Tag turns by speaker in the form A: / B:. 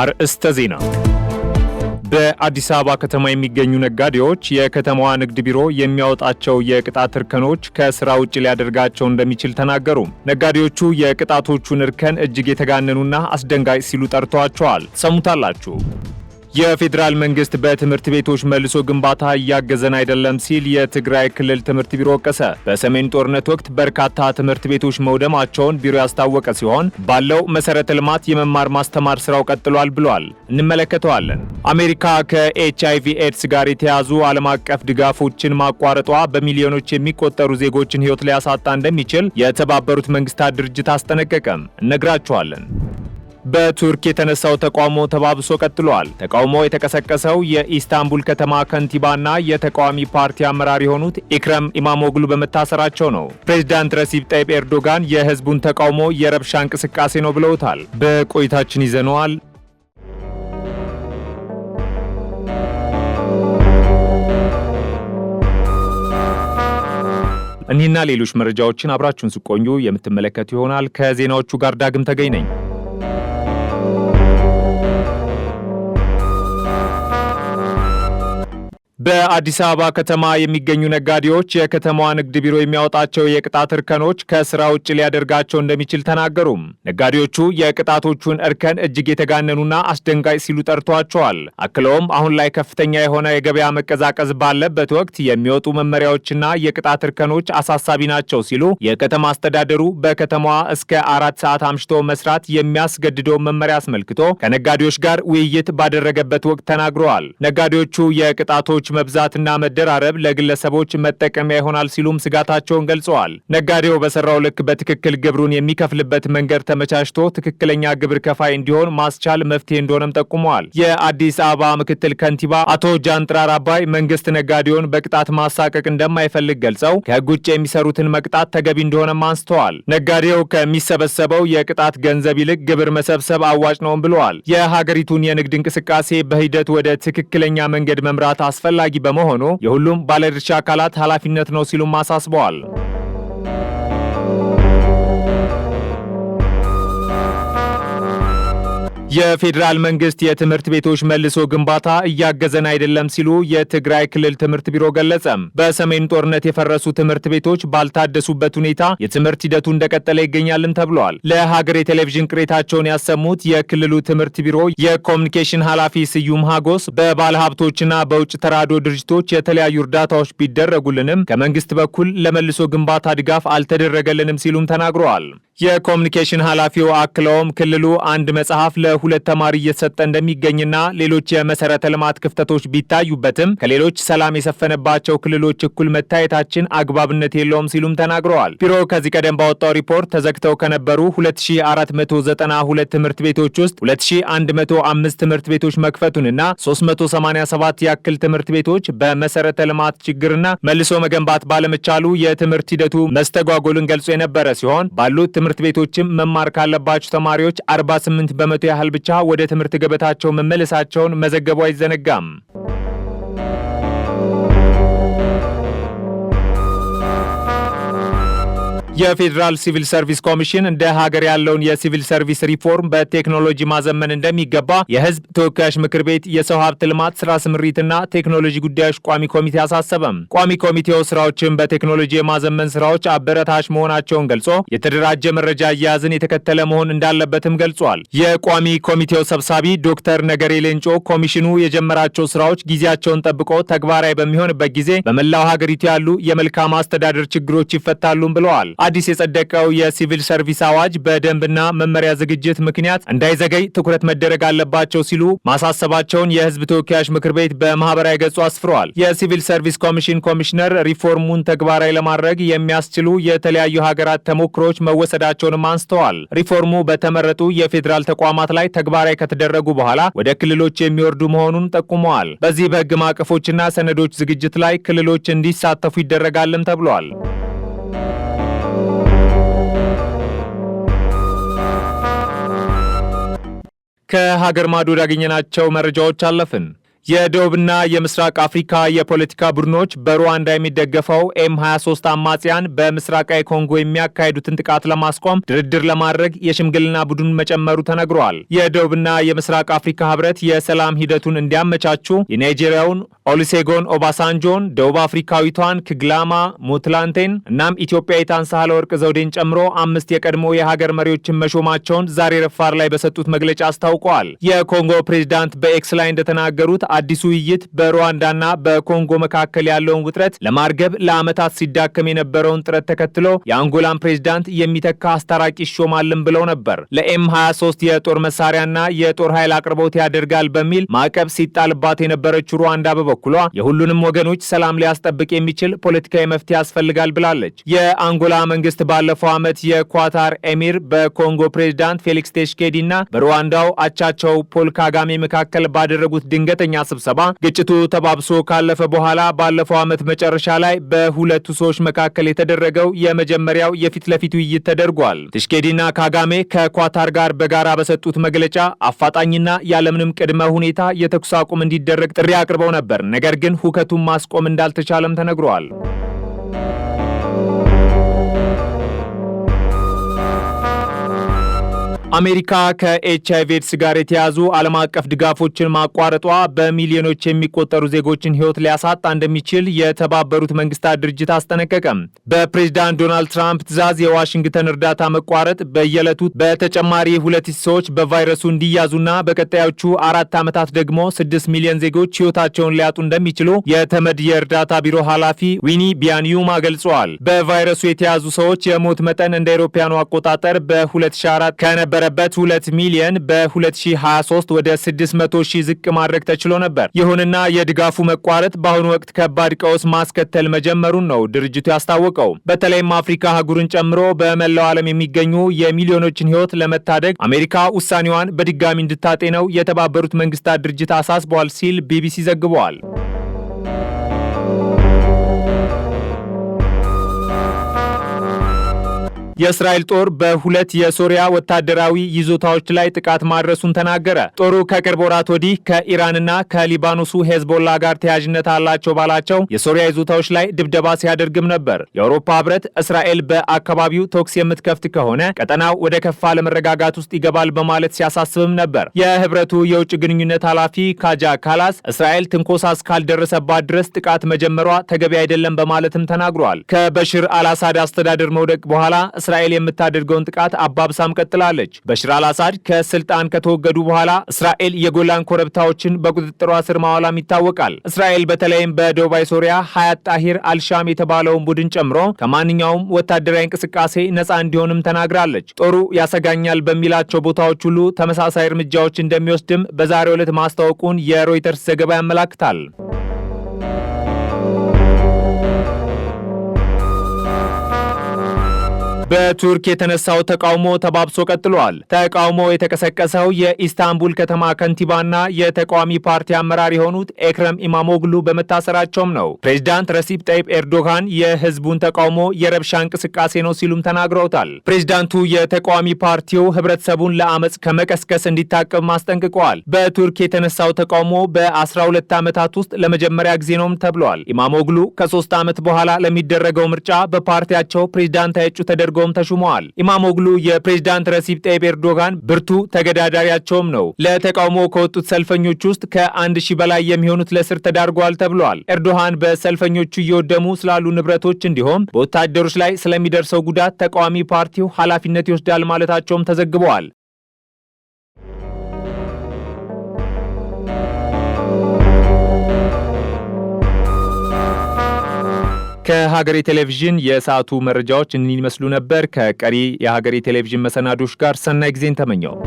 A: አርእስተ ዜና በአዲስ አበባ ከተማ የሚገኙ ነጋዴዎች የከተማዋ ንግድ ቢሮ የሚያወጣቸው የቅጣት እርከኖች ከስራ ውጭ ሊያደርጋቸው እንደሚችል ተናገሩ። ነጋዴዎቹ የቅጣቶቹን እርከን እጅግ የተጋነኑና አስደንጋጭ ሲሉ ጠርተዋቸዋል። ሰሙታላችሁ። የፌዴራል መንግስት በትምህርት ቤቶች መልሶ ግንባታ እያገዘን አይደለም ሲል የትግራይ ክልል ትምህርት ቢሮ ወቀሰ። በሰሜን ጦርነት ወቅት በርካታ ትምህርት ቤቶች መውደማቸውን ቢሮ ያስታወቀ ሲሆን ባለው መሰረተ ልማት የመማር ማስተማር ስራው ቀጥሏል ብሏል። እንመለከተዋለን። አሜሪካ ከኤች አይቪ ኤድስ ጋር የተያዙ ዓለም አቀፍ ድጋፎችን ማቋረጧ በሚሊዮኖች የሚቆጠሩ ዜጎችን ህይወት ሊያሳጣ እንደሚችል የተባበሩት መንግስታት ድርጅት አስጠነቀቀም። እነግራችኋለን። በቱርክ የተነሳው ተቃውሞ ተባብሶ ቀጥሏል። ተቃውሞ የተቀሰቀሰው የኢስታንቡል ከተማ ከንቲባና የተቃዋሚ ፓርቲ አመራር የሆኑት ኢክረም ኢማሞግሉ በመታሰራቸው ነው። ፕሬዚዳንት ረሲብ ጠይብ ኤርዶጋን የህዝቡን ተቃውሞ የረብሻ እንቅስቃሴ ነው ብለውታል። በቆይታችን ይዘነዋል። እኒህና ሌሎች መረጃዎችን አብራችሁን ስቆኙ የምትመለከቱ ይሆናል። ከዜናዎቹ ጋር ዳግም ተገኝ ነኝ። በአዲስ አበባ ከተማ የሚገኙ ነጋዴዎች የከተማዋ ንግድ ቢሮ የሚያወጣቸው የቅጣት እርከኖች ከስራ ውጭ ሊያደርጋቸው እንደሚችል ተናገሩ። ነጋዴዎቹ የቅጣቶቹን እርከን እጅግ የተጋነኑና አስደንጋጭ ሲሉ ጠርቷቸዋል። አክለውም አሁን ላይ ከፍተኛ የሆነ የገበያ መቀዛቀዝ ባለበት ወቅት የሚወጡ መመሪያዎችና የቅጣት እርከኖች አሳሳቢ ናቸው ሲሉ የከተማ አስተዳደሩ በከተማዋ እስከ አራት ሰዓት አምሽቶ መስራት የሚያስገድደው መመሪያ አስመልክቶ ከነጋዴዎች ጋር ውይይት ባደረገበት ወቅት ተናግረዋል። ነጋዴዎቹ የቅጣቶች መብዛትና መደራረብ ለግለሰቦች መጠቀሚያ ይሆናል ሲሉም ስጋታቸውን ገልጸዋል። ነጋዴው በሰራው ልክ በትክክል ግብሩን የሚከፍልበት መንገድ ተመቻችቶ ትክክለኛ ግብር ከፋይ እንዲሆን ማስቻል መፍትሄ እንደሆነም ጠቁመዋል። የአዲስ አበባ ምክትል ከንቲባ አቶ ጃንጥራር አባይ መንግስት ነጋዴውን በቅጣት ማሳቀቅ እንደማይፈልግ ገልጸው ከህግ ውጭ የሚሰሩትን መቅጣት ተገቢ እንደሆነም አንስተዋል። ነጋዴው ከሚሰበሰበው የቅጣት ገንዘብ ይልቅ ግብር መሰብሰብ አዋጭ ነውም ብለዋል። የሀገሪቱን የንግድ እንቅስቃሴ በሂደት ወደ ትክክለኛ መንገድ መምራት አስፈላጊ አስፈላጊ በመሆኑ የሁሉም ባለድርሻ አካላት ኃላፊነት ነው ሲሉም አሳስበዋል። የፌዴራል መንግስት የትምህርት ቤቶች መልሶ ግንባታ እያገዘን አይደለም ሲሉ የትግራይ ክልል ትምህርት ቢሮ ገለጸም። በሰሜኑ ጦርነት የፈረሱ ትምህርት ቤቶች ባልታደሱበት ሁኔታ የትምህርት ሂደቱ እንደቀጠለ ይገኛልም ተብለዋል። ለሀገር የቴሌቪዥን ቅሬታቸውን ያሰሙት የክልሉ ትምህርት ቢሮ የኮሚኒኬሽን ኃላፊ ስዩም ሀጎስ በባለሀብቶችና በውጭ ተራድኦ ድርጅቶች የተለያዩ እርዳታዎች ቢደረጉልንም ከመንግስት በኩል ለመልሶ ግንባታ ድጋፍ አልተደረገልንም ሲሉም ተናግረዋል። የኮሚኒኬሽን ኃላፊው አክለውም ክልሉ አንድ መጽሐፍ ለሁለት ተማሪ እየተሰጠ እንደሚገኝና ሌሎች የመሰረተ ልማት ክፍተቶች ቢታዩበትም ከሌሎች ሰላም የሰፈነባቸው ክልሎች እኩል መታየታችን አግባብነት የለውም ሲሉም ተናግረዋል። ቢሮ ከዚህ ቀደም ባወጣው ሪፖርት ተዘግተው ከነበሩ 2492 ትምህርት ቤቶች ውስጥ 2105 ትምህርት ቤቶች መክፈቱንና 387 ያክል ትምህርት ቤቶች በመሰረተ ልማት ችግርና መልሶ መገንባት ባለመቻሉ የትምህርት ሂደቱ መስተጓጎልን ገልጾ የነበረ ሲሆን ባሉት ትምህርት ቤቶችም መማር ካለባቸው ተማሪዎች 48 በመቶ ያህል ብቻ ወደ ትምህርት ገበታቸው መመለሳቸውን መዘገቡ አይዘነጋም። የፌዴራል ሲቪል ሰርቪስ ኮሚሽን እንደ ሀገር ያለውን የሲቪል ሰርቪስ ሪፎርም በቴክኖሎጂ ማዘመን እንደሚገባ የህዝብ ተወካዮች ምክር ቤት የሰው ሀብት ልማት ስራ ስምሪትና ቴክኖሎጂ ጉዳዮች ቋሚ ኮሚቴ አሳሰበም። ቋሚ ኮሚቴው ስራዎችን በቴክኖሎጂ የማዘመን ስራዎች አበረታች መሆናቸውን ገልጾ የተደራጀ መረጃ አያያዝን የተከተለ መሆን እንዳለበትም ገልጿል። የቋሚ ኮሚቴው ሰብሳቢ ዶክተር ነገሬ ሌንጮ ኮሚሽኑ የጀመራቸው ስራዎች ጊዜያቸውን ጠብቆ ተግባራዊ በሚሆንበት ጊዜ በመላው ሀገሪቱ ያሉ የመልካም አስተዳደር ችግሮች ይፈታሉም ብለዋል። አዲስ የጸደቀው የሲቪል ሰርቪስ አዋጅ በደንብና መመሪያ ዝግጅት ምክንያት እንዳይዘገይ ትኩረት መደረግ አለባቸው ሲሉ ማሳሰባቸውን የህዝብ ተወካዮች ምክር ቤት በማህበራዊ ገጹ አስፍረዋል። የሲቪል ሰርቪስ ኮሚሽን ኮሚሽነር ሪፎርሙን ተግባራዊ ለማድረግ የሚያስችሉ የተለያዩ ሀገራት ተሞክሮች መወሰዳቸውንም አንስተዋል። ሪፎርሙ በተመረጡ የፌዴራል ተቋማት ላይ ተግባራዊ ከተደረጉ በኋላ ወደ ክልሎች የሚወርዱ መሆኑን ጠቁመዋል። በዚህ በህግ ማዕቀፎችና ሰነዶች ዝግጅት ላይ ክልሎች እንዲሳተፉ ይደረጋልም ተብሏል። ከሀገር ማዶ ያገኘናቸው መረጃዎች አለፍን። የደቡብና የምስራቅ አፍሪካ የፖለቲካ ቡድኖች በሩዋንዳ የሚደገፈው ኤም 23 አማጽያን በምስራቃዊ ኮንጎ የሚያካሄዱትን ጥቃት ለማስቆም ድርድር ለማድረግ የሽምግልና ቡድን መጨመሩ ተነግሯል። የደቡብና የምስራቅ አፍሪካ ህብረት የሰላም ሂደቱን እንዲያመቻቹ የናይጄሪያውን ኦሊሴጎን ኦባሳንጆን፣ ደቡብ አፍሪካዊቷን ክግላማ ሙትላንቴን እናም ኢትዮጵያዊቷን ሳህለ ወርቅ ዘውዴን ጨምሮ አምስት የቀድሞ የሀገር መሪዎችን መሾማቸውን ዛሬ ረፋር ላይ በሰጡት መግለጫ አስታውቀዋል። የኮንጎ ፕሬዚዳንት በኤክስ ላይ እንደተናገሩት አዲሱ ውይይት በሩዋንዳና በኮንጎ መካከል ያለውን ውጥረት ለማርገብ ለዓመታት ሲዳከም የነበረውን ጥረት ተከትሎ የአንጎላን ፕሬዚዳንት የሚተካ አስታራቂ ይሾማልን ብለው ነበር። ለኤም 23 የጦር መሳሪያና የጦር ኃይል አቅርቦት ያደርጋል በሚል ማዕቀብ ሲጣልባት የነበረችው ሩዋንዳ በበ በበኩሏ የሁሉንም ወገኖች ሰላም ሊያስጠብቅ የሚችል ፖለቲካዊ መፍትሄ ያስፈልጋል ብላለች። የአንጎላ መንግስት ባለፈው ዓመት የኳታር ኤሚር በኮንጎ ፕሬዚዳንት ፌሊክስ ቴሽኬዲ እና በሩዋንዳው አቻቸው ፖል ካጋሜ መካከል ባደረጉት ድንገተኛ ስብሰባ ግጭቱ ተባብሶ ካለፈ በኋላ ባለፈው ዓመት መጨረሻ ላይ በሁለቱ ሰዎች መካከል የተደረገው የመጀመሪያው የፊት ለፊት ውይይት ተደርጓል። ቴሽኬዲና ካጋሜ ከኳታር ጋር በጋራ በሰጡት መግለጫ አፋጣኝና ያለምንም ቅድመ ሁኔታ የተኩስ አቁም እንዲደረግ ጥሪ አቅርበው ነበር። ነገር ግን ሁከቱን ማስቆም እንዳልተቻለም ተነግሯል። አሜሪካ ከኤች አይቪ ኤድስ ጋር የተያዙ ዓለም አቀፍ ድጋፎችን ማቋረጧ በሚሊዮኖች የሚቆጠሩ ዜጎችን ሕይወት ሊያሳጣ እንደሚችል የተባበሩት መንግስታት ድርጅት አስጠነቀቀም። በፕሬዚዳንት ዶናልድ ትራምፕ ትዕዛዝ የዋሽንግተን እርዳታ መቋረጥ በየዕለቱ በተጨማሪ ሁለት ሰዎች በቫይረሱ እንዲያዙና በቀጣዮቹ አራት ዓመታት ደግሞ ስድስት ሚሊዮን ዜጎች ሕይወታቸውን ሊያጡ እንደሚችሉ የተመድ የእርዳታ ቢሮ ኃላፊ ዊኒ ቢያንዩማ ገልጸዋል። በቫይረሱ የተያዙ ሰዎች የሞት መጠን እንደ አውሮፓውያኑ አቆጣጠር በ2004 ከነበረ ከነበረበት 2 ሚሊየን በ2023 ወደ 600 ሺህ ዝቅ ማድረግ ተችሎ ነበር። ይሁንና የድጋፉ መቋረጥ በአሁኑ ወቅት ከባድ ቀውስ ማስከተል መጀመሩን ነው ድርጅቱ ያስታወቀው። በተለይም አፍሪካ አህጉርን ጨምሮ በመላው ዓለም የሚገኙ የሚሊዮኖችን ሕይወት ለመታደግ አሜሪካ ውሳኔዋን በድጋሚ እንድታጤነው የተባበሩት መንግስታት ድርጅት አሳስበዋል ሲል ቢቢሲ ዘግበዋል። የእስራኤል ጦር በሁለት የሶሪያ ወታደራዊ ይዞታዎች ላይ ጥቃት ማድረሱን ተናገረ። ጦሩ ከቅርብ ወራት ወዲህ ከኢራንና ከሊባኖሱ ሄዝቦላ ጋር ተያያዥነት አላቸው ባላቸው የሶሪያ ይዞታዎች ላይ ድብደባ ሲያደርግም ነበር። የአውሮፓ ህብረት እስራኤል በአካባቢው ተኩስ የምትከፍት ከሆነ ቀጠናው ወደ ከፋ አለመረጋጋት ውስጥ ይገባል በማለት ሲያሳስብም ነበር። የህብረቱ የውጭ ግንኙነት ኃላፊ ካጃ ካላስ እስራኤል ትንኮሳ እስካልደረሰባት ድረስ ጥቃት መጀመሯ ተገቢ አይደለም በማለትም ተናግሯል። ከበሽር አልአሳድ አስተዳደር መውደቅ በኋላ እስራኤል የምታደርገውን ጥቃት አባብሳም ቀጥላለች። በሽር አልአሳድ ከስልጣን ከተወገዱ በኋላ እስራኤል የጎላን ኮረብታዎችን በቁጥጥሯ ስር ማዋላም ይታወቃል። እስራኤል በተለይም በደቡባዊ ሶሪያ ሀያት ጣሂር አልሻም የተባለውን ቡድን ጨምሮ ከማንኛውም ወታደራዊ እንቅስቃሴ ነፃ እንዲሆንም ተናግራለች። ጦሩ ያሰጋኛል በሚላቸው ቦታዎች ሁሉ ተመሳሳይ እርምጃዎች እንደሚወስድም በዛሬው ዕለት ማስታወቁን የሮይተርስ ዘገባ ያመላክታል። በቱርክ የተነሳው ተቃውሞ ተባብሶ ቀጥሏል። ተቃውሞ የተቀሰቀሰው የኢስታንቡል ከተማ ከንቲባና የተቃዋሚ ፓርቲ አመራር የሆኑት ኤክረም ኢማሞግሉ በመታሰራቸውም ነው። ፕሬዚዳንት ረሲፕ ጠይብ ኤርዶጋን የህዝቡን ተቃውሞ የረብሻ እንቅስቃሴ ነው ሲሉም ተናግረውታል። ፕሬዚዳንቱ የተቃዋሚ ፓርቲው ህብረተሰቡን ለአመፅ ከመቀስቀስ እንዲታቀብ አስጠንቅቀዋል። በቱርክ የተነሳው ተቃውሞ በ12 ዓመታት ውስጥ ለመጀመሪያ ጊዜ ነውም ተብሏል። ኢማሞግሉ ከሶስት ዓመት በኋላ ለሚደረገው ምርጫ በፓርቲያቸው ፕሬዚዳንት አይጩ ተደርጎ አድርገውም ተሹመዋል። ኢማሞግሉ የፕሬዝዳንት ረሲፕ ጠይብ ኤርዶጋን ብርቱ ተገዳዳሪያቸውም ነው። ለተቃውሞ ከወጡት ሰልፈኞች ውስጥ ከአንድ ሺህ በላይ የሚሆኑት ለእስር ተዳርገዋል ተብሏል። ኤርዶሃን በሰልፈኞቹ እየወደሙ ስላሉ ንብረቶች እንዲሁም በወታደሮች ላይ ስለሚደርሰው ጉዳት ተቃዋሚ ፓርቲው ኃላፊነት ይወስዳል ማለታቸውም ተዘግበዋል። ከሀገሬ ቴሌቪዥን የሰዓቱ መረጃዎች እኒመስሉ ነበር። ከቀሪ የሀገሬ ቴሌቪዥን መሰናዶች ጋር ሰናይ ጊዜን ተመኘው።